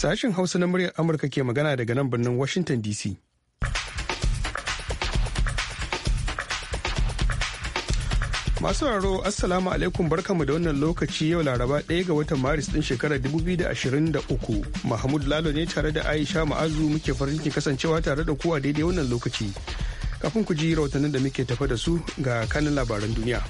Sashen Hausa na muryar Amurka ke magana daga nan birnin Washington DC. Masu raro Assalamu alaikum barkamu da wannan lokaci yau Laraba ɗaya ga watan Maris ɗin shekarar 2023. Mahmud Lalo ne tare da Aisha Ma'azu muke farin kasancewa tare da kowa daidai wannan lokaci. Kafin ku ji rahotannin da muke tafa da su ga kanin labaran duniya.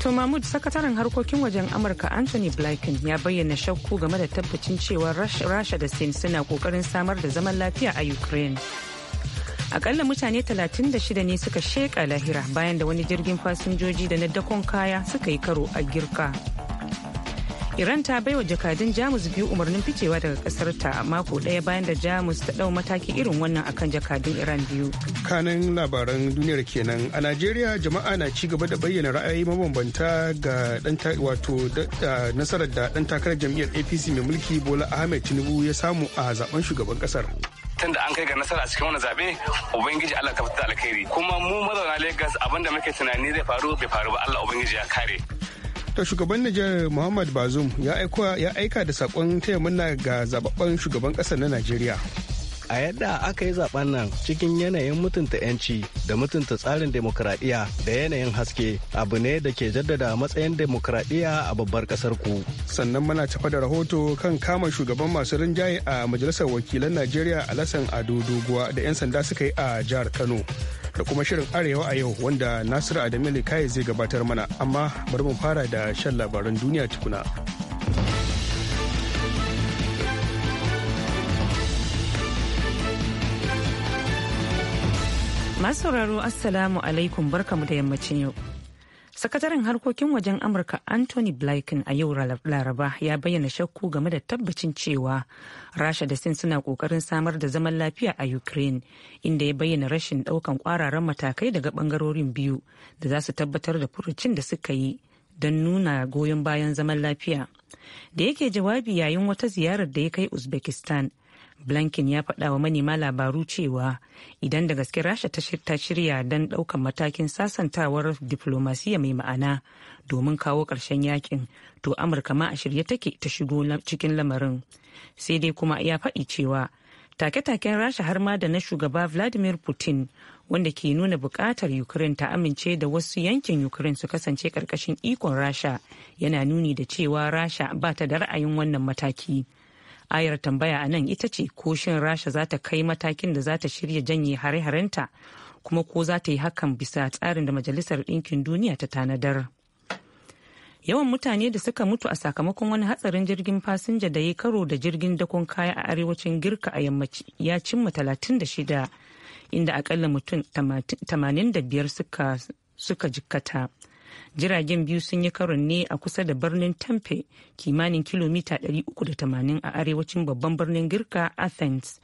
To Mahmud sakataren harkokin wajen Amurka Anthony Blinken ya bayyana shakku game da tabbacin cewa Rasha da Sin suna kokarin samar da zaman lafiya a Ukraine. Akalla mutane 36 ne suka sheƙa lahira bayan da wani jirgin fasinjoji da na dakon kaya suka yi karo a girka. Iran ta baiwa jakadun Jamus biyu umarnin ficewa daga kasar ta mako daya bayan da Jamus ta ɗau mataki irin wannan akan jakadun Iran biyu. Kanan labaran duniyar kenan a Najeriya jama'a na ci gaba da bayyana ra'ayi mabambanta ga dan wato nasarar da dan takarar jam'iyyar APC mai mulki Bola Ahmed Tinubu ya samu a zaben shugaban kasar. tun da an kai ga nasara a cikin wani zaɓe ubangiji Allah ta fita alkhairi kuma mu mazauna Lagos abinda muke tunani zai faru bai faru ba Allah ubangiji ya kare To shugaban Nijar Muhammad Bazoum ya aika da sakon taya murna ga zababban shugaban ƙasar na Najeriya. a yadda aka yi zaben nan cikin yanayin mutunta 'yanci da mutunta tsarin demokradiyya da yanayin haske abu ne da ke jaddada matsayin demokradiyya a babbar kasar ku sannan muna tafa da rahoto kan kama shugaban masu rinjaye a majalisar wakilan najeriya lasan ado doguwa da 'yan sanda suka yi a jihar kano da kuma shirin arewa a yau wanda nasiru adamili kai zai gabatar mana amma bari mu fara da shan labaran duniya tukuna masu sauraro assalamu alaikum barkamu da yammacin yau sakataren harkokin wajen amurka anthony blinken a yau laraba ya bayyana shakku game da tabbacin cewa rasha da sin suna kokarin samar da zaman lafiya a ukraine inda ya bayyana rashin daukan kwararan matakai daga bangarorin biyu da za su tabbatar da furucin da suka yi don nuna goyon bayan zaman lafiya da yake jawabi yayin wata ziyarar da ya kai uzbekistan blanken ya faɗa wa manema labaru cewa idan da gaske rasha ta shirya don ɗaukan matakin sasantawar diflomasiya mai ma'ana domin kawo ƙarshen yakin to amurka ma a shirye take ta shigo cikin lamarin sai dai kuma ya faɗi cewa take-taken rasha har ma da na shugaba vladimir putin wanda ke nuna bukatar ukraine ta amince da wasu yankin ukraine su kasance ƙarƙashin ikon rasha yana nuni da cewa rasha ba ta da ra'ayin wannan mataki. ayar tambaya a nan ita ce ko shin rasha za ta kai matakin da za ta shirya janye hare-harenta kuma ko za ta yi hakan bisa tsarin da majalisar ɗinkin duniya ta tanadar yawan mutane da suka mutu a sakamakon wani hatsarin jirgin fasinja da ya karo da jirgin dakon kaya a arewacin girka a yammaci ya cimma shida inda akalla mutum 85 suka suka jikkata Jiragen biyu sun yi karon ne a kusa da birnin tampe kimanin kilomita 380 a arewacin babban birnin Girka Athens.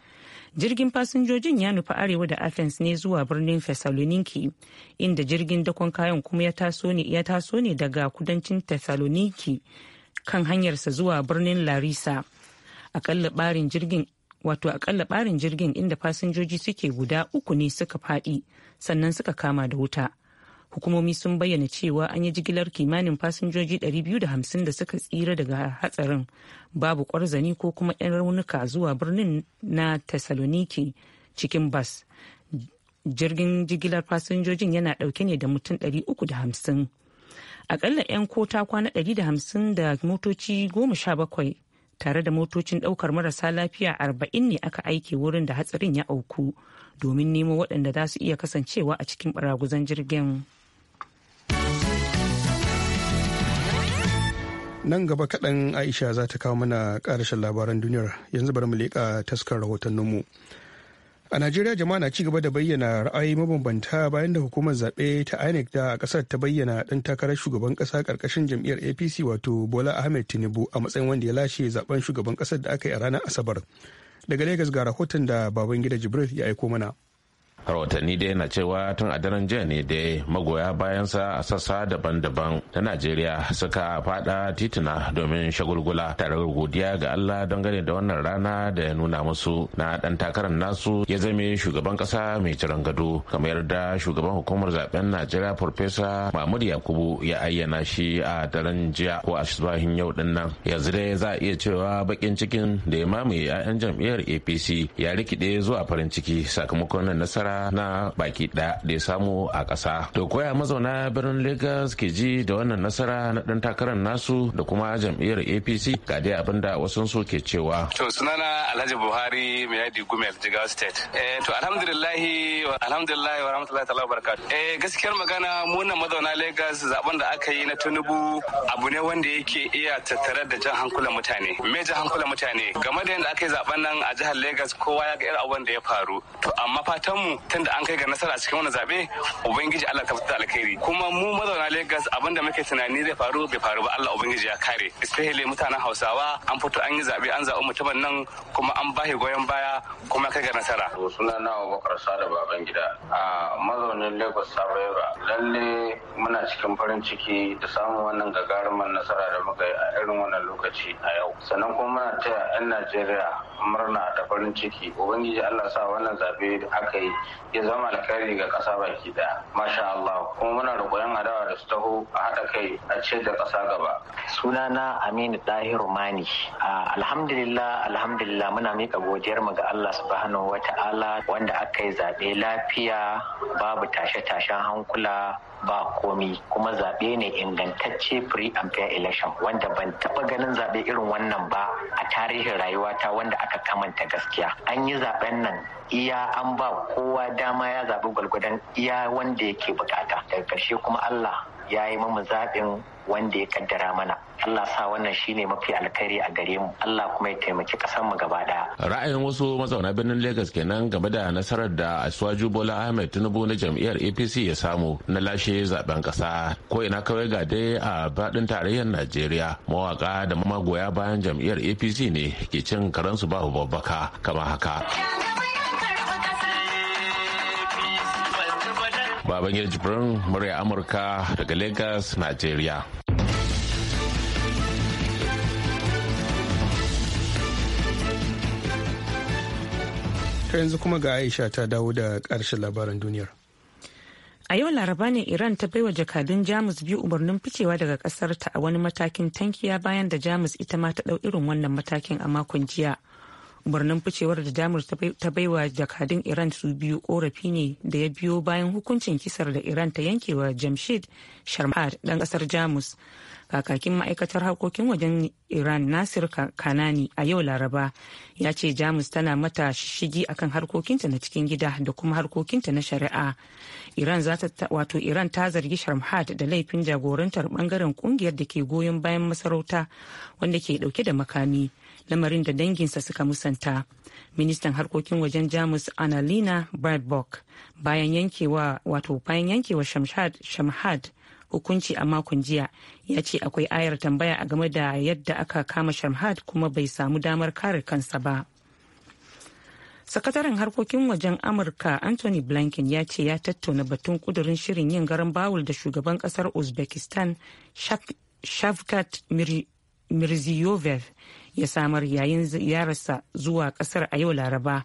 Jirgin fasinjojin ya nufi arewa da Athens ne zuwa birnin Thessaloniki inda jirgin dakon kayan kuma ya taso ne daga kudancin Thessaloniki kan hanyarsa zuwa birnin Larisa. Akalla barin jirgin wato akalla barin jirgin inda fasinjoji suke guda uku ne suka faɗi sannan suka kama da wuta hukumomi sun bayyana cewa an yi jigilar kimanin fasinjoji 250 da suka tsira daga hatsarin babu kwarzani ko kuma 'yan raunuka zuwa birnin na thessaloniki cikin bas jirgin jigilar fasinjojin yana dauke ne da mutum 350 akalla 'yan kota kwana 150 da motoci 17 tare da motocin ɗaukar marasa lafiya 40 ne aka aike wurin da hatsarin ya auku domin nemo waɗanda za su iya kasancewa a cikin baraguzan jirgin. nan gaba kaɗan aisha za ta kawo mana ƙarashin labaran duniyar yanzu bari mu leƙa taskar rahotanninmu a najeriya jama'a na cigaba da bayyana ra'ayi mabambanta bayan da hukumar zaɓe ta inec da a ƙasar ta bayyana ɗan takarar shugaban ƙasa ƙarƙashin jam'iyyar apc wato bola ahmed tinubu a matsayin wanda ya lashe zaɓen shugaban ƙasar da aka yi a ranar asabar daga lagos ga rahoton da babangida jibril ya aiko mana rahotanni dai na cewa tun a daren jiya ne dai magoya bayansa a sassa daban-daban ta najeriya suka fada tituna domin shagulgula tare godiya ga allah dangane da wannan rana da ya nuna musu na dan takarar nasu ya zame shugaban kasa mai ciran gado kamar yadda shugaban hukumar zaben najeriya farfesa mahmud yakubu ya ayyana shi a daren jiya ko a subahin yau din nan yanzu dai za a iya cewa bakin cikin da ya mamaye 'ya'yan jam'iyyar apc ya rikide zuwa farin ciki sakamakon nasara madara na baki ɗaya da ya samu a ƙasa to koya mazauna birnin lagos ke ji da wannan nasara na ɗan takarar nasu da kuma jam'iyyar apc ga dai abin da wasu su ke cewa to sunana alhaji buhari mai yadi gumel jigawa state eh to alhamdulillahi alhamdulillahi wa rahmatullahi ta'ala barakatuh eh gaskiyar magana mu nan mazauna lagos zaben da aka yi na tinubu abu ne wanda yake iya tattare da jan hankulan mutane me jan hankulan mutane game da yadda aka yi zaben nan a jihar lagos kowa ya ga irin abin da ya faru to amma fatan mu tun tunda an kai ga nasara a cikin wani zaɓe ubangiji Allah ta fita alkhairi kuma mu mazauna Lagos abin da muke tunani zai faru bai faru ba Allah ubangiji ya kare especially mutanen Hausawa an fito an yi zaɓe an zaɓi mutumin nan kuma an bashi goyon baya kuma kai ga nasara. Suna na Abubakar Sada Babangida a mazaunin Lagos Sabaiba lalle muna cikin farin ciki da samun wannan gagarumar nasara da muka yi a irin wannan lokaci a yau sannan kuma muna taya 'yan Najeriya murna da farin ciki ubangiji Allah sa wannan zaɓe da aka yi ya zama alkhairi ga ƙasa baki ɗaya masha Allah kuma muna roƙon adawa da su taho a haɗa kai a ce da ƙasa gaba sunana Aminu Ɗahiru Mani alhamdulillah alhamdulillah muna mika godiyar mu ga Allah subhanahu wata'ala wanda aka yi zaɓe lafiya babu tashe-tashen hankula ba komi kuma zaɓe ne ingantacce free and fair election wanda ban taɓa ganin zaɓe irin wannan ba a tarihin rayuwata wanda aka kamanta gaskiya an yi zaɓen nan iya an ba kowa dama ya zaɓi gwalgwadon iya wanda yake bukata daga ƙarshe kuma allah ya yi mamu zaɓin wanda ya kaddara mana Allah sa wannan shine mafi alkhairi a gare mu Allah kuma ya taimaki kasar mu gaba daya ra'ayin wasu mazauna birnin Lagos kenan game da nasarar da Aswaju Bola Ahmed Tinubu na jam'iyyar APC ya samu na lashe zaben kasa ko ina kawai ga dai a fadin tarayyar Najeriya mawaƙa da magoya bayan jam'iyyar APC ne ke cin karansu babu babbaka kama haka Babangida Jibrin murya Amurka daga Lagos, Najeriya. ta yanzu kuma ga aisha ta dawo da ƙarshen labaran duniyar a yau laraba ne iran ta baiwa jakadun jamus biyu umarnin ficewa daga kasar ta a wani matakin tankiya bayan da jamus ita ma ta ɗau irin wannan matakin a makon jiya umarnin ficewar da jamus ta baiwa jakadun iran su biyu korafi ne da ya biyo bayan hukuncin kisar da iran ta yankewa jamshid sharmad dan kasar jamus kakakin ma'aikatar harkokin wajen iran nasir kanani a yau laraba ya ce jamus tana mata shigi akan harkokinta na cikin gida da kuma harkokinta na shari'a iran wato iran ta zargi sharmhat da laifin jagorantar bangaren kungiyar da ke goyon bayan masarauta wanda ke dauke da makami lamarin da danginsa suka musanta ministan harkokin wajen jamus analina bradbock bayan yankewa wato bayan yankewa shamhad hukunci a makon jiya ya ce akwai ayar tambaya a game da yadda aka kama sharmhat kuma bai samu damar kare kansa ba sakataren harkokin wajen amurka anthony blinken ya ce ya tattauna batun kudurin shirin yin garan bawul da shugaban kasar uzbekistan shavkat mirziyoyev ya samar yayin ziyararsa zuwa kasar a yau laraba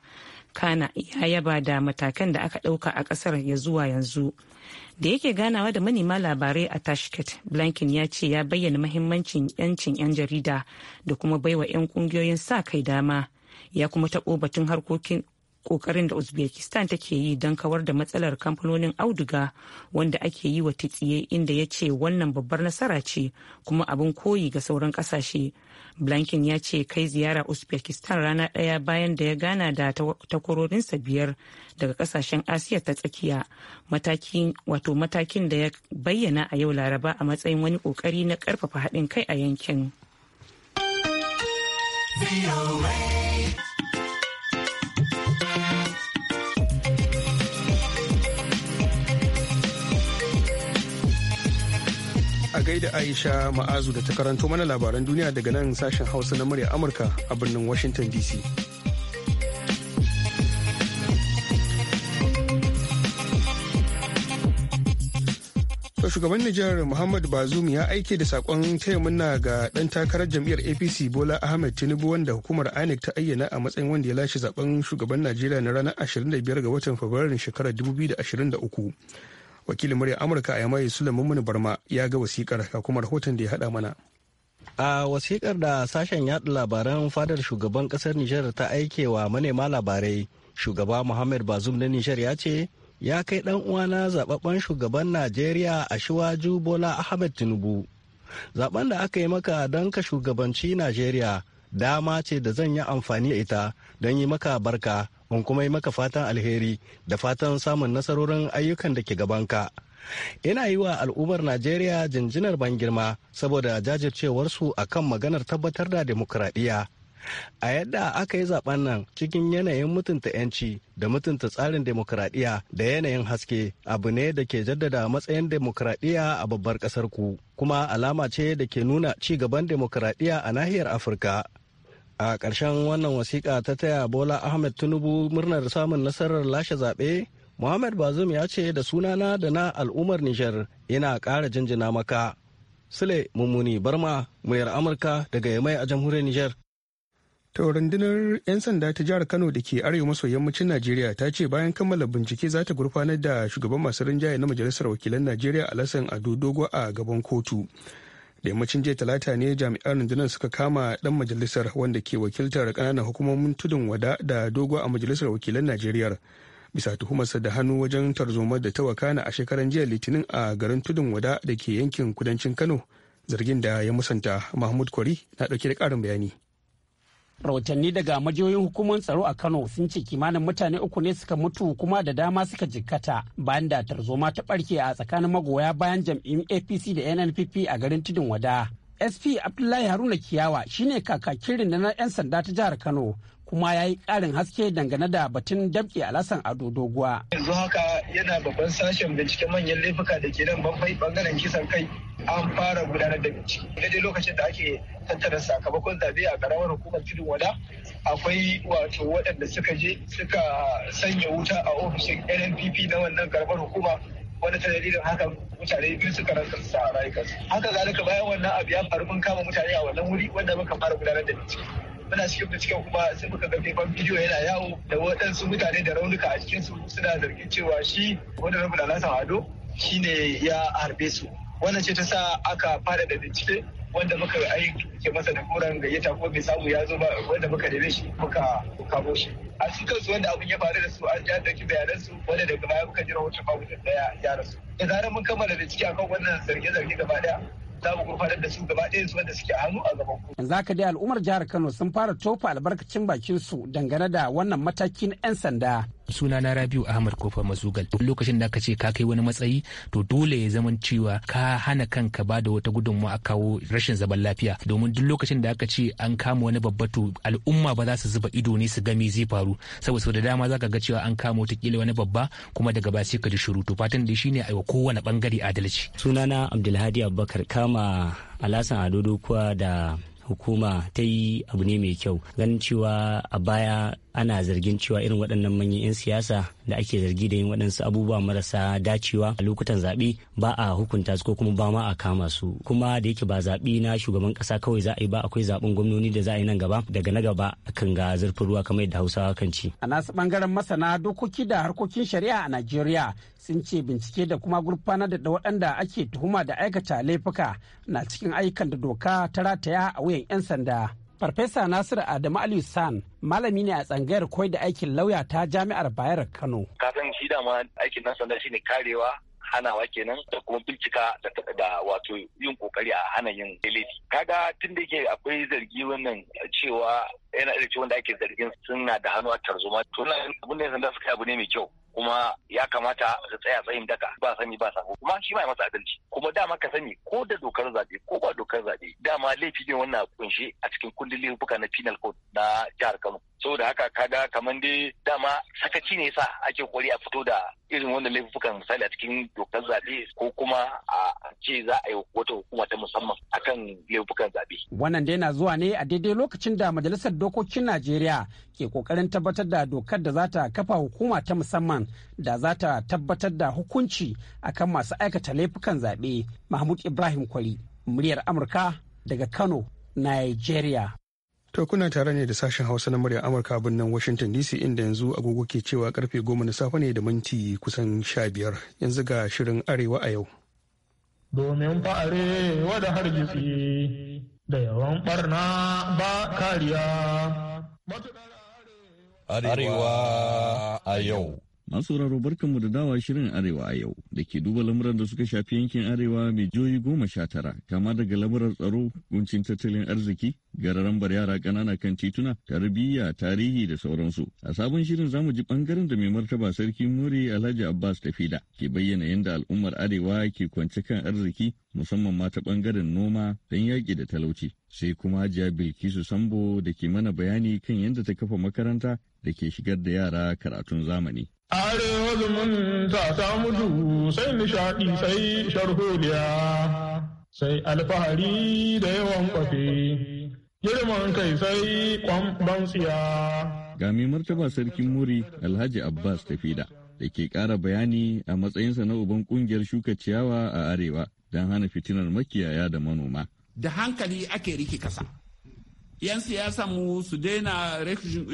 kana ya yaba da matakan da aka ɗauka a ƙasar ya zuwa yanzu da yake ganawa da manema labarai a tashket blankin ya ce ya bayyana mahimmancin 'yancin 'yan jarida da kuma baiwa 'yan kungiyoyin sa kai dama ya kuma taɓo batun harkokin kokarin da uzbekistan take yi don kawar da matsalar kamfanonin auduga wanda ake yi wa titsiye inda ya ce wannan babbar nasara ce kuma abin koyi ga sauran kasashe blinken ya ce kai ziyara uzbekistan rana ɗaya bayan da ya gana da takwarorinsa biyar daga kasashen asiya ta tsakiya wato matakin da ya bayyana a yau laraba a matsayin wani kokari na karfafa haɗin kai a yankin. a da Aisha Ma'azu da ta karanto mana labaran duniya daga nan sashen Hausa na murya Amurka a birnin Washington DC. shugaban Nijar Muhammad Bazoum ya aike da sakon taya ga dan takarar jam'iyyar APC Bola Ahmed Tinubu wanda hukumar INEC ta ayyana a matsayin wanda ya lashe zaben shugaban Najeriya na ranar 25 ga watan Fabrairu shekarar 2023. wakilin murya amurka a yamai sulaiman barma ya ga wasikar ga kuma rahoton da ya haɗa mana a wasikar da sashen yaɗa labaran fadar shugaban ƙasar nijar ta aike wa manema labarai shugaba muhammad bazum na nijar ya ce ya kai dan uwana zababben shugaban najeriya a shiwaju bola ahmed tinubu zaben da aka yi maka don ka shugabanci najeriya dama ce da zan yi amfani da ita don yi maka barka mun kuma yi maka fatan alheri da fatan samun nasarorin ayyukan da ke gabanka. Ina yi wa al'ummar Najeriya jinjinar ban girma saboda jajircewarsu a kan maganar tabbatar da demokuraɗiyya. A yadda aka yi zaben nan cikin yanayin mutunta 'yanci da mutunta tsarin demokuraɗiyya da yanayin haske abu ne da ke jaddada matsayin demokuraɗiyya a babbar ƙasar ku kuma alama ce da ke nuna ci gaban demokuraɗiyya a nahiyar Afirka. a ƙarshen wannan wasiƙa ta taya bola ahmed tinubu murnar samun nasarar lashe zaɓe muhammad bazum ya ce da sunana da na al'ummar nijar yana ƙara jinjina maka sule mummuni barma muyar amurka daga yamai a jamhuriyar nijar ta rundunar 'yan sanda ta jihar kano da ke arewa maso yammacin najeriya ta ce bayan kammala bincike za ta gurfanar da shugaban masu rinjaye na majalisar wakilan najeriya alhassan ado dogo a gaban kotu da yammacin jiya talata ne jami'an rundunar suka kama dan majalisar wanda ke wakiltar kananan hukumomin tudun wada da dogo a majalisar wakilan najeriya bisa tuhumarsa da hannu wajen tarzoma da ta wakana a shekaran jiya litinin a garin tudun wada da ke yankin kudancin kano zargin da ya musanta mahmud kwari na dauke da karin bayani rahotanni daga majiyoyin hukumar tsaro a kano sun ce kimanin mutane uku ne suka mutu kuma da dama suka jikkata bayan da tarzoma ta barke a tsakanin magoya bayan jam'in apc da nnpp a garin tudun wada sp abdullahi haruna kiyawa shine kakakin rundunar 'yan sanda ta jihar kano kuma ya yi ƙarin haske dangane da batun dabke alasan ado doguwa. yanzu haka yana babban sashen binciken manyan laifuka da ke nan bambai bangaren kisan kai an fara gudanar da bincike daidai lokacin da ake tattara sakamakon zabe a karamar hukumar tudun wada akwai wato waɗanda suka je suka sanya wuta a ofishin nnpp na wannan karamar hukuma wanda ta dalilin haka mutane biyu suka rasa rayukansu haka zalika bayan wannan abu ya faru mun kama mutane a wannan wuri wanda muka fara gudanar da bincike muna cikin cikin kuma sai muka ga faifan bidiyo yana yawo da waɗansu mutane da raunuka a cikin su suna zargin cewa shi wanda na buɗa lasan ado shine ya harbe su wannan ce ta sa aka fara da bincike wanda muka aiki masa da koran gayyata ko bai samu ya zo ba wanda muka dame shi muka kamo shi a cikin su wanda abin ya faru da su an ja dauki bayanan su wanda daga baya muka jira wata babu da daya ya rasu da zarar mun kammala bincike akan wannan zarge-zarge gaba daya za mu gurfanar da su gaba ɗaya su wanda suke hannu a gaban kuma. Yanzu haka dai al'ummar jihar Kano sun fara tofa albarkacin bakin su dangane da wannan matakin 'yan sanda suna na rabiu ahmad kofar mazugal lokacin da aka ce ka kai wani matsayi to dole ya zaman cewa ka hana kanka ba da wata gudunmu a kawo rashin zaman lafiya domin duk lokacin da aka ce an kama wani babba to al'umma ba za su zuba ido ne su gami zai faru saboda sau da dama za ka ga cewa an kama wata kila wani babba kuma daga ba sai ka ji shiru to fatan da shine aiwa kowane bangare adalci sunana abdulhadi abubakar kama Alhassan adodo kuwa da hukuma ta yi abu ne mai kyau ganin cewa a baya ana zargin cewa irin waɗannan manyan 'yan siyasa da ake zargi da yin waɗansu abubuwa marasa dacewa a lokutan zaɓe ba a hukunta su ko kuma ba ma a kama su kuma da yake ba zaɓe na shugaban ƙasa kawai za a yi ba akwai zaɓen gwamnoni da za a yi nan gaba daga na gaba kan ga zurfin ruwa kamar yadda hausawa kan ci. a nasu ɓangaren masana dokoki da harkokin shari'a a najeriya sun ce bincike da kuma gurfanar da waɗanda ake tuhuma da aikata laifuka na cikin ayyukan da doka ta rataya a wuyan 'yan sanda. Farfesa Nasir Adamu Aliyu San malami ne a tsangayar koi da aikin lauya ta jami'ar Bayar Kano. Kafin shi dama aikin nan shi shine karewa hanawa kenan da kuma bincika da wato yin kokari a hana yin laifi kaga tun da yake akwai zargi wannan cewa yana da wanda ake zargin suna da hannu a tarzoma to na abun da sanda suka abu ne mai kyau kuma ya kamata su tsaya tsayin daka ba sani ba sabo kuma shi ma ya masa adalci kuma dama ka sani ko da dokar zaɓe ko ba dokar zaɓe dama laifi ne wannan kunshe a cikin kundin laifuka na penal code na jihar Kano saboda haka ka kaga kamar dai dama sakaci ne sa ake kori a fito da irin wannan laifukan misali a cikin dokar zaɓe ko kuma a ce za a yi wata hukuma ta musamman akan laifukan zaɓe. Wannan dai na zuwa ne a daidai lokacin da Majalisar Dokokin Najeriya ke kokarin tabbatar da dokar da za ta kafa hukuma ta musamman da za ta tabbatar da hukunci akan masu aikata laifukan zaɓe mahmud ibrahim kwari muryar amurka daga kano nigeria To kuna tare ne da sashen Hausa na muryar Amurka birnin Washington DC inda yanzu agogo ke cewa karfe goma na safe ne da minti kusan sha biyar yanzu ga shirin Arewa a yau. Domin fa'are wada hargitsi da yawan barna ba kariya. Arewa a yau. Masu sauraro barkanmu da dawa shirin Arewa a yau da ke duba lamuran da suka shafi yankin Arewa mai joyi goma sha tara kama daga lamuran tsaro, kuncin tattalin arziki, gararambar yara ƙanana kan tituna, tarbiyya, tarihi da sauransu. A sabon shirin za mu ji bangaren da mai martaba sarki Muri Alhaji Abbas Tafida ke bayyana yadda al'ummar Arewa ke kwance kan arziki musamman ma ta bangaren noma don yaƙi da talauci. Sai kuma jiya Bilkisu Sambo da ke mana bayani kan yadda ta kafa makaranta da ke shigar da yara karatun zamani. Arewa zumunta ta mutu sai nishaɗi sai sharholiya sai alfahari da yawan kwafe, girman kai sai kwamban tsiya. Gami martaba sarkin muri Alhaji Abbas Tafida da ke ƙara bayani a matsayinsa na uban ƙungiyar shuka ciyawa a Arewa don hana fitinar makiyaya da manoma. Da hankali ake rike kasa. 'yan siyasa mu su daina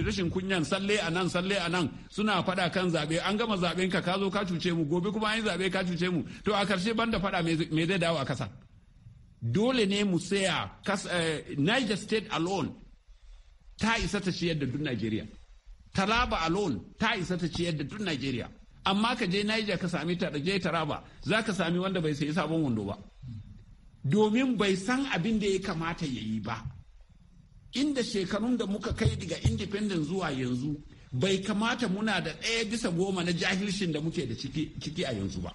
rashin kunyan salle a nan salle a nan suna faɗa kan zaɓe an gama zaɓen ka zo ka cuce mu gobe kuma an yi zaɓe ka cuce mu to a karshe banda faɗa mai zai dawo a kasa dole ne mu saya eh, Niger State alone ta isa ta ciyar da duk nigeria Taraba alone ta isa ta ciyar da duk nigeria amma ka je Niger ka sami ta je Taraba za ka sami wanda bai sayi sabon wando ba domin bai san abin da ya kamata ya yi ba inda shekarun da muka kai daga independent zuwa yanzu bai kamata muna da ɗaya bisa goma na jahilshin da muke da ciki a yanzu ba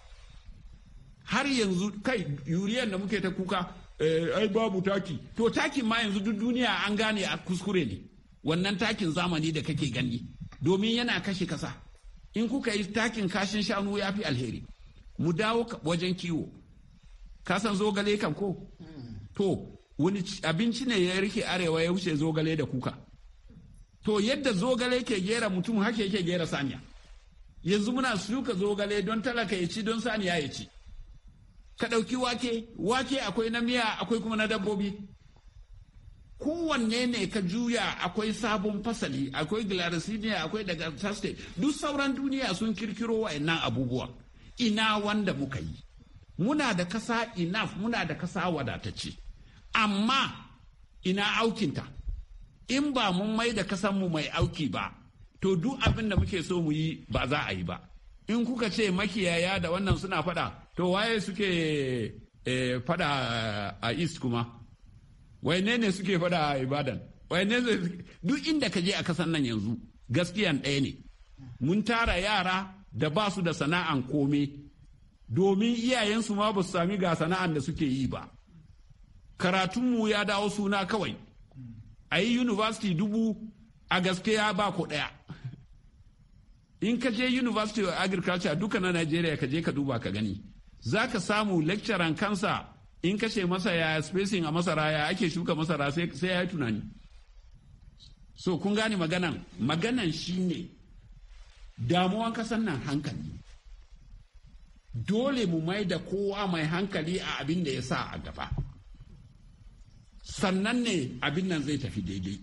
har yanzu kai yuriyan da muke ta kuka eh, ai babu taki to takin ma yanzu duk duniya an gane a kuskure ne wannan takin zamani da kake gani domin yana kashe kasa in kuka yi takin kashin shanu ya fi alheri mu dawo wajen kiwo kasan zogale kan ko hmm. to wani abinci ne ya rike arewa ya wuce zogale da kuka to yadda zogale ke gera mutum haka yake gera saniya yanzu muna shuka zogale don talaka ya ci don saniya ya ci ka ɗauki wake wake akwai na miya akwai kuma na dabbobi kowanne ne ka juya akwai sabon fasali akwai glaricinia akwai daga taste duk sauran duniya sun kirkiro wa'annan abubuwa ina wanda muka yi muna da kasa enough muna da kasa wadatacce amma ina aukinta in ba mun mai da kasanmu mai auki ba to duk abin da muke so mu yi ba za a yi ba in kuka ce makiyaya da wannan suna fada to waye suke eh, fada a east kuma waine ne suke fada a ibadan waine ne duk inda ka je a kasan nan yanzu gaskiyan ɗaya ne mun tara yara da ba su da sana'an komai domin iyayensu ma ba su sami ga sana'an da suke yi ba karatunmu ya dawo suna kawai a yi university dubu a gaske ba ko ɗaya in ka je university of agriculture duka na nigeria ka je ka duba ka gani za ka samu lecturer kansa in kashe masa ya spacing a masara ya ake shuka masara sai ya yi tunani so kun gane maganan maganan shine damuwan kasan nan hankali dole mu mai da kowa mai hankali a abin da ya sa a gaba sannan ne abin nan zai tafi daidai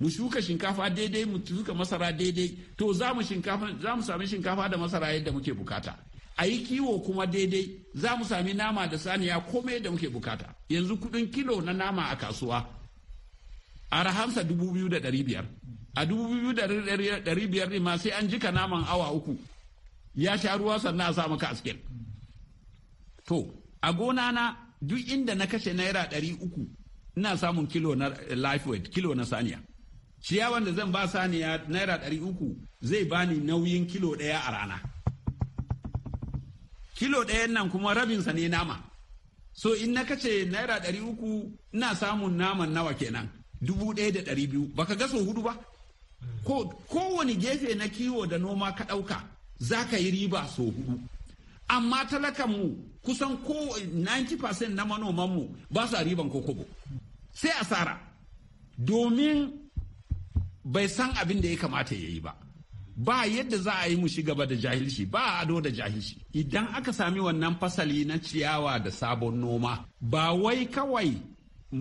mu shuka shinkafa daidai mu shuka masara daidai to za mu shinkafa za mu sami shinkafa da masara yadda muke bukata a yi kiwo kuma daidai za mu sami nama da saniya komai yadda muke bukata yanzu kudin kilo na nama a kasuwa a rahamsa dubu biyu da ɗari biyar a dubu biyu da ɗari biyar ne ma sai an jika naman awa uku ya sha ruwa sannan a sa maka askin to a gona na duk inda na kashe naira ɗari uku ina samun kilo na life weight kilo na saniya ciyawan da zan ba saniya naira ɗari uku zai bani nauyin kilo ɗaya a rana kilo ɗayan nan kuma rabinsa ne nama so in na kace naira ɗari uku ina samun naman nawa kenan dubu ɗaya da ɗari biyu baka ga so hudu ba ko kowane gefe na kiwo da noma ka ɗauka za ka yi riba so hudu amma talakanmu kusan ko 90% na manomanmu ba su riban kokobo sai asara domin bai san abin da ya kamata ya yi ba ba yadda za a yi mu gaba da jahilci ba a ado da jahilci idan aka sami wannan fasali na ciyawa da sabon noma ba wai kawai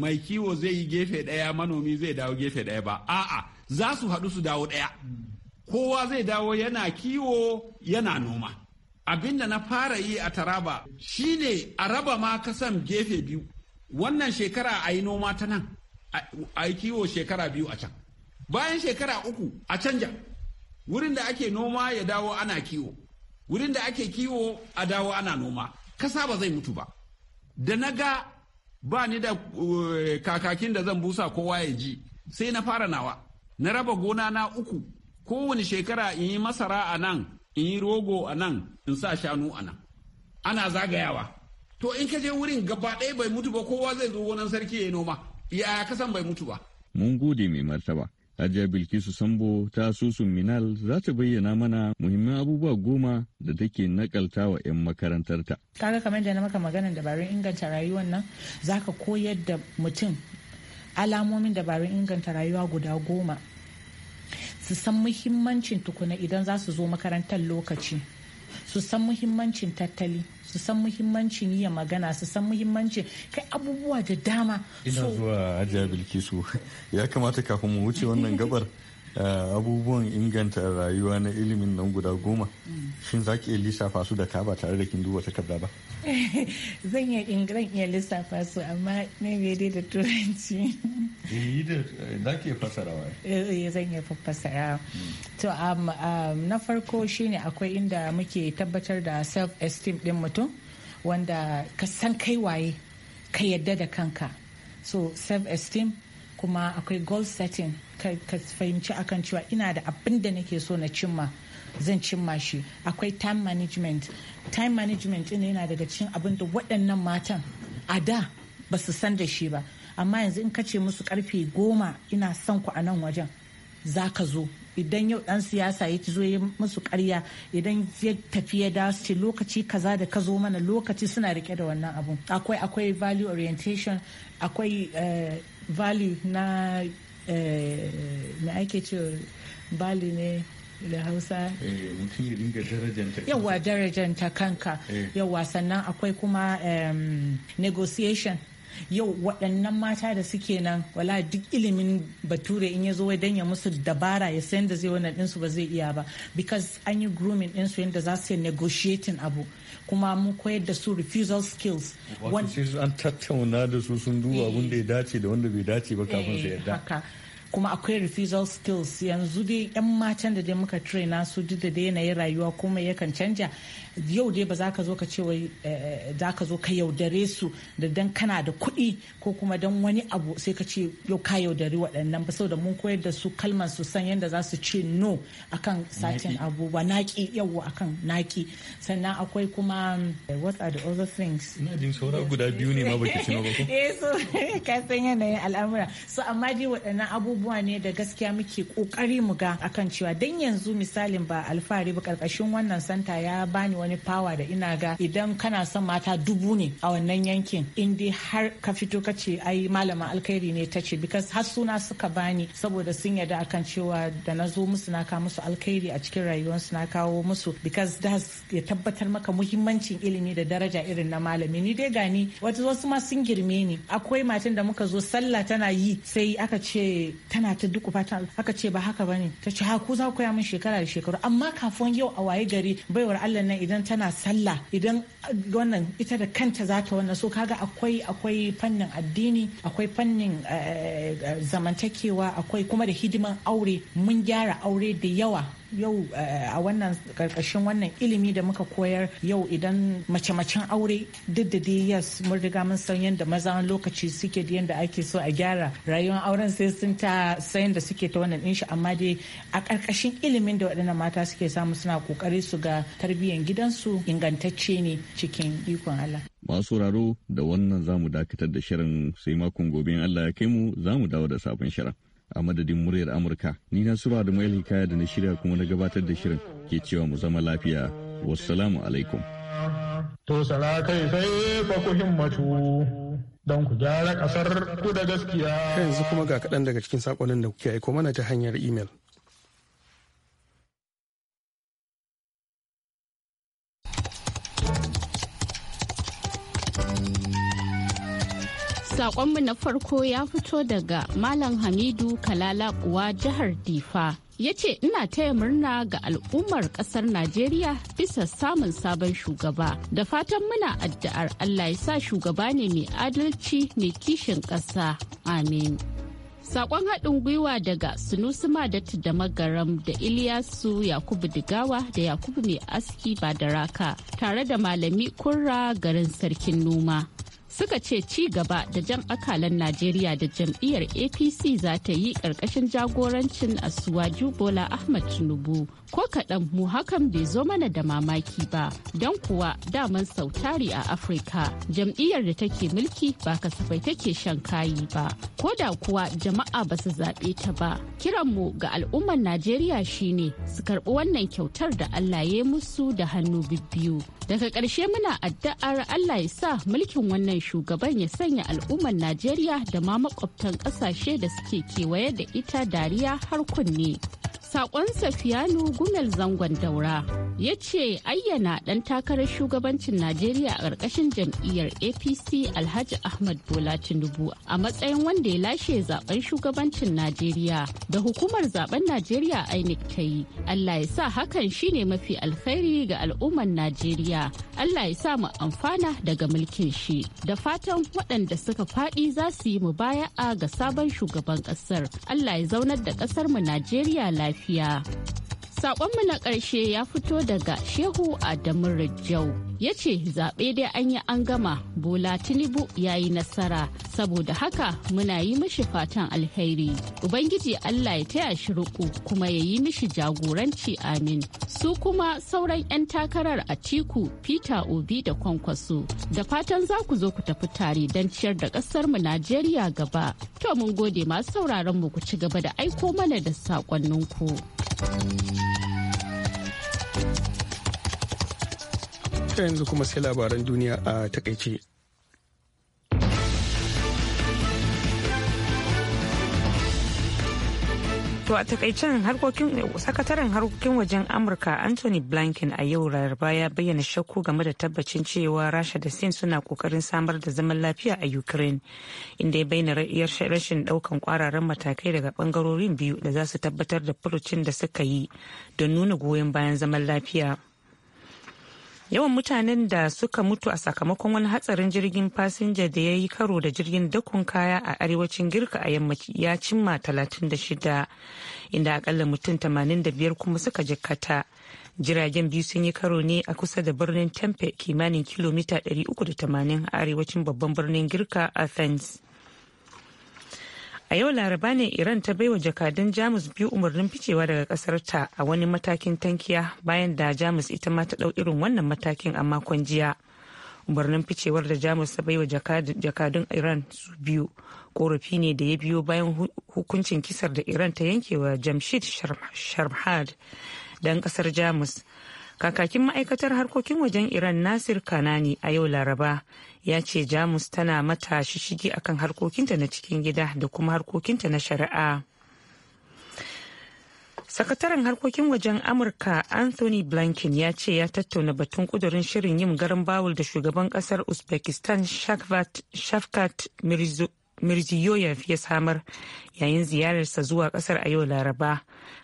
mai kiwo zai yi gefe ɗaya manomi zai dawo gefe ɗaya ba a'a za su haɗu su dawo ɗaya kowa zai dawo yana kiwo yana noma abin da na fara yi a taraba shine a raba ma kasan gefe biyu wannan shekara a yi noma ta nan a yi kiwo shekara biyu a can bayan shekara uku a canja wurin da ake noma ya dawo ana kiwo wurin da ake kiwo a dawo ana noma kasa ba zai mutu ba da na ga ba ni da eh, kakakin da zan busa kowa ya ji sai na fara nawa na raba gona na uku kowane shekara in yi masara a nan in yi rogo a nan in sa shanu a nan ana zagayawa to in ka je wurin gaba ɗaya bai mutu ba kowa zai zo wannan sarki ya yi noma ya san bai mutu ba mun gode mai martaba Hajiya Bilkisu Sambo ta susun Minal za ta bayyana mana muhimman abubuwa goma da take nakalta wa 'yan makarantar ta Kaga kamar da na maka maganar dabarun inganta rayuwar nan za ka koyar da mutum alamomin dabarun inganta rayuwa guda goma su san muhimmancin tukuna idan za su zo makarantar lokaci su san muhimmancin tattali su san muhimmancin yi magana su san muhimmancin kai abubuwa da dama ina zuwa hajiya bilkisu ya kamata kafin mu wuce wannan gabar Eh, abubuwan inganta rayuwa na ilimin nan guda goma shin za ki iya lissafa su da ka ba tare da kin duba kabda ba zan iya ingran iya lissafa su amma na dai da turanci za ki iya fassarawa eh, eh, zan iya fassara. to um, um, na farko shine akwai inda muke tabbatar da self-esteem din mutum wanda ka san kai waye ka yadda da kanka so self-esteem kuma akwai goal setting ka fahimci akan cewa ina da abin da nake so na cimma zan cimma shi akwai time management time management ina yana daga cikin abin da waɗannan matan a da ba su san da shi ba amma yanzu in ka ce musu karfe goma ina son ku a nan wajen za ka zo idan yau dan siyasa ya zo ya musu karya idan ya tafi ya da ce lokaci kaza da ka zo mana lokaci suna rike da wannan abun akwai akwai value orientation akwai eh, value na na eh, ake ce bali ne da hausa eh, mutum darajanta yawa darajanta kanka eh. yawa sannan akwai kuma negotiation yau waɗannan mata da suke nan wala duk ilimin bature in ya zo wai ya musu dabara ya san da zai wani ɗinsu ba zai iya ba because an yi grooming ɗinsu yadda za su yi negotiating abu kuma mu koyar da su refusal skills wato sai an tattauna da su sun duba abin da ya dace da wanda bai dace ba kafin su eh, yarda kuma akwai refusal skills yanzu dai yan matan da dai muka traina su duk da dai yanayin rayuwa kuma yakan canja yau dai ba za ka zo ka ce wai eh, za ka zo ka yaudare su da dan kana da kuɗi ko kuma dan wani abu sai ka ce yau ka yaudari waɗannan ba saboda mun koyar da su kalmar su san yadda za su ce no akan satin abubuwa naki yawa akan naki sannan akwai kuma eh, what are the other things ina jin saura guda biyu ne ma baki ci ba ko eh so ka san yanayin al'amura so amma dai waɗannan abubuwa abubuwa ne da gaskiya muke kokari mu ga akan cewa dan yanzu misalin ba alfahari ba karkashin wannan santa ya bani wani fawa da ina ga idan kana son mata dubu ne a wannan yankin in dai har ka fito ka ce ai malama alkhairi ne ta ce because har suna suka bani saboda sun yarda akan cewa da na zo musu na kawo musu alkhairi a cikin rayuwar su na kawo musu because da ya tabbatar maka muhimmancin ilimi da daraja irin na malami ni dai gani wasu ma sun girme ni akwai matan da muka zo sallah tana yi sai aka ce tana ta duk fata aka ce ba haka bane ta ce ha ku za ku min shekara da shekaru amma kafin yau a waye gari baiwar Allah nan idan tana sallah idan wannan ita da kanta za ta wannan so kaga akwai akwai fannin addini akwai fannin eh, eh, zamantakewa akwai kuma da hidiman aure mun gyara aure da yawa yau eh, a wannan karkashin wannan ilimi da muka koyar yau idan mace-macen aure duk da dai yes mun riga mun san yadda maza lokaci suke da yadda ake so a gyara rayuwar auren sai sun ta sayan da suke ta wannan din amma dai a karkashin ilimin da waɗannan mata suke samu suna kokari su ga tarbiyyar gidansu ingantacce ne cikin ikon Allah. Masu raro da wannan zamu dakatar da shirin sai makon gobe in Allah ya kai mu zamu dawo da sabon shirin. a madadin muryar Amurka. Ni na su da Mail Hikaya da na shirya kuma na gabatar da shirin ke cewa mu zama lafiya. Wassalamu alaikum. To sala sai fa ku himmatu don ku gyara kasar ku da gaskiya. Yanzu kuma ga kaɗan daga cikin saƙonin da kuke aiko mana ta hanyar imel. Sakonmu na farko ya fito daga Malam Hamidu Kalalakuwa jihar Difa. ya ce ina taya murna ga al'ummar kasar najeriya bisa samun sabon shugaba da fatan muna addu'ar allah ya sa shugaba ne mai adalci mai kishin ƙasa amin Sakon haɗin gwiwa daga Sunusu Madat da Magaram da Iliyasu Yakubu Digawa da Yakubu Mai Aski Badaraka tare da Malami Kurra garin Sarkin Noma. suka ce ci gaba da jan akalan najeriya da jam'iyyar apc za ta yi ƙarƙashin jagorancin asuwa jubola ahmad tinubu ko kaɗan mu hakan bai zo mana da mamaki ba don kuwa daman sautari a afirka jam'iyyar da take mulki ba kasafai take shan kayi ba ko da kuwa jama'a ba su zaɓe ta ba kiran mu ga al'ummar najeriya shine su karɓi wannan kyautar da allah ya musu da hannu bibbiyu daga ƙarshe muna addu'ar allah ya sa mulkin wannan shugaban ya sanya al'ummar najeriya da ma makwabtan ƙasashe da suke kewaye da ita dariya har kunne Sakon Safiyanu Gumel Zangon Daura ya ce ayyana ɗan takarar shugabancin Najeriya a ƙarƙashin jam'iyyar APC Alhaji Ahmad Bola Tinubu a matsayin wanda ya lashe zaben shugabancin Najeriya da hukumar zaben Najeriya INEC ta yi. Allah ya sa hakan shine mafi alkhairi ga al'ummar Najeriya. Allah ya sa mu amfana daga mulkin shi. Da fatan waɗanda suka faɗi za su yi baya'a ga sabon shugaban ƙasar. Allah ya zaunar da ƙasar mu Najeriya lafiya. lafiya. Saƙonmu na ƙarshe ya fito daga Shehu Adamu Rajau. ya ce zaɓe dai an yi an gama bola tinubu ya yi nasara saboda haka muna yi mishi fatan alheri ubangiji allah ya taya shi ruku kuma ya yi mishi jagoranci amin su kuma sauran 'yan takarar a tiku peter obi da kwankwaso da fatan za ku zo ku tafi tare don ciyar da ƙasar mu najeriya gaba to mun gode masu sauraron mu ku ci gaba da aiko mana da saƙonninku. ku. ta yanzu kuma sai labaran duniya a takaice. To a takaicen harkokin sakataren harkokin wajen Amurka Anthony Blinken a yau laraba ya bayyana shakku game da tabbacin cewa Rasha da Sin suna kokarin samar da zaman lafiya a Ukraine inda ya bayyana rashin daukan kwararan matakai daga bangarorin biyu da za su tabbatar da furucin da suka yi don nuna goyon bayan zaman lafiya. yawan mutanen da suka mutu a sakamakon wani hatsarin jirgin fasinja da ya yi karo da jirgin dakon kaya a arewacin girka a yammaci ya cimma 36 inda akalla mutum 85 kuma suka jikkata jiragen biyu sun yi karo ne a kusa da birnin tempe kimanin kilomita 380 a arewacin babban birnin girka athens a yau laraba ne iran ta baiwa jakadun jamus biyu umarnin ficewa daga kasar a wani matakin tankiya bayan da jamus ita ma ta dau irin wannan matakin a makon jiya umarnin ficewar da jamus ta baiwa jakadun iran su biyu korafi ne da ya biyo bayan hukuncin kisar da iran ta yankewa jamshid sharmhad dan kasar jamus kakakin ma'aikatar harkokin wajen iran nasir kanani a yau laraba ya ce jamus tana mata shishigi akan harkokinta na cikin gida da kuma harkokinta na shari'a sakataren harkokin wajen amurka anthony blinken ya ce ya tattauna batun kudurin shirin yin garin bawul da shugaban kasar uzbekistan shafkat mirziyoyev ya samar yayin ziyararsa zuwa kasar a yau laraba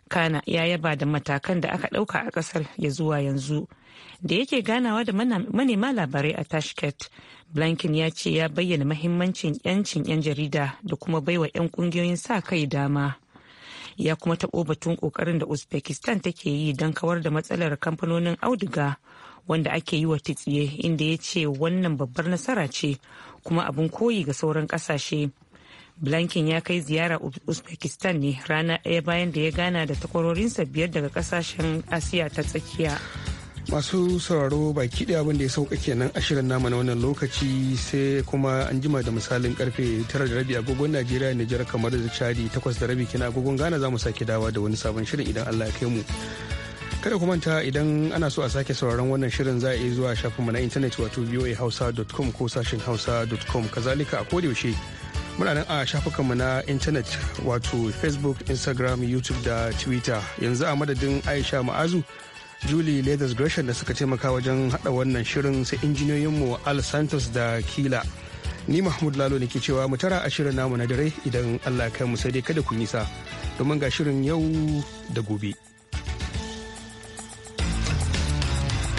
kana ya yaba da matakan da aka ɗauka a kasar ya zuwa yanzu da yake ganawa da manema labarai a tashket blankin ya ce ya bayyana mahimmancin 'yancin 'yan jarida da kuma baiwa 'yan kungiyoyin sa kai dama ya kuma taɓo batun ƙoƙarin da uzbekistan take yi don kawar da matsalar kamfanonin auduga wanda ake yi wa titsiye inda ya ce wannan babbar nasara ce kuma abin koyi ga sauran kasashe blankin ya kai ziyara uzbekistan ne rana ɗaya bayan da ya gana da takwarorinsa biyar daga kasashen asiya ta tsakiya masu sauraro baki ɗaya abin da ya sauka kenan ashirin nama na wannan lokaci sai kuma an jima da misalin karfe tara da rabi agogon najeriya nijar kamar da chadi takwas da rabi kina agogon ghana za mu sake dawa da wani sabon shirin idan allah ya kai mu kada ku manta idan ana so a sake sauraron wannan shirin za a iya zuwa shafinmu na intanet wato voahausa.com ko sashin hausa.com kazalika a kodayaushe muna nan a shafukanmu na intanet wato facebook instagram youtube da twitter yanzu a madadin aisha ma'azu julie leathers gresham da suka taimaka wajen hada wannan shirin sai injiniyoyinmu al santos da kila ni mahmud lalo ne ke cewa mu tara a shirin namu na dare idan allah kai mu sai dai kada ku nisa domin ga shirin yau da gobe.